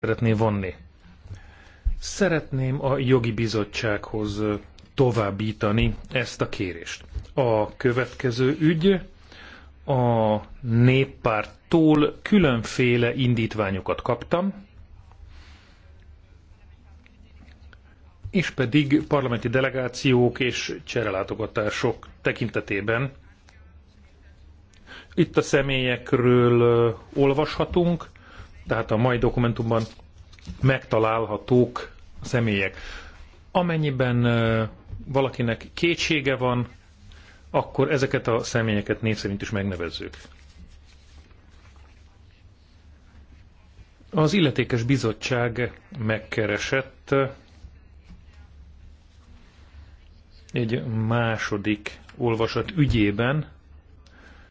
szeretné vonni. Szeretném a jogi bizottsághoz továbbítani ezt a kérést. A következő ügy a néppárttól különféle indítványokat kaptam, és pedig parlamenti delegációk és cserelátogatások tekintetében. Itt a személyekről olvashatunk, tehát a mai dokumentumban megtalálhatók a személyek. Amennyiben valakinek kétsége van, akkor ezeket a személyeket név szerint is megnevezzük. Az illetékes bizottság megkeresett egy második olvasat ügyében